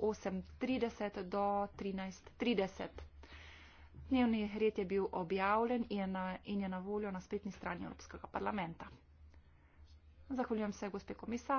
8.30 do 13.30. Dnevni red je bil objavljen in je na voljo na spletni strani Evropskega parlamenta. Zahvaljujem se, gospe komisar.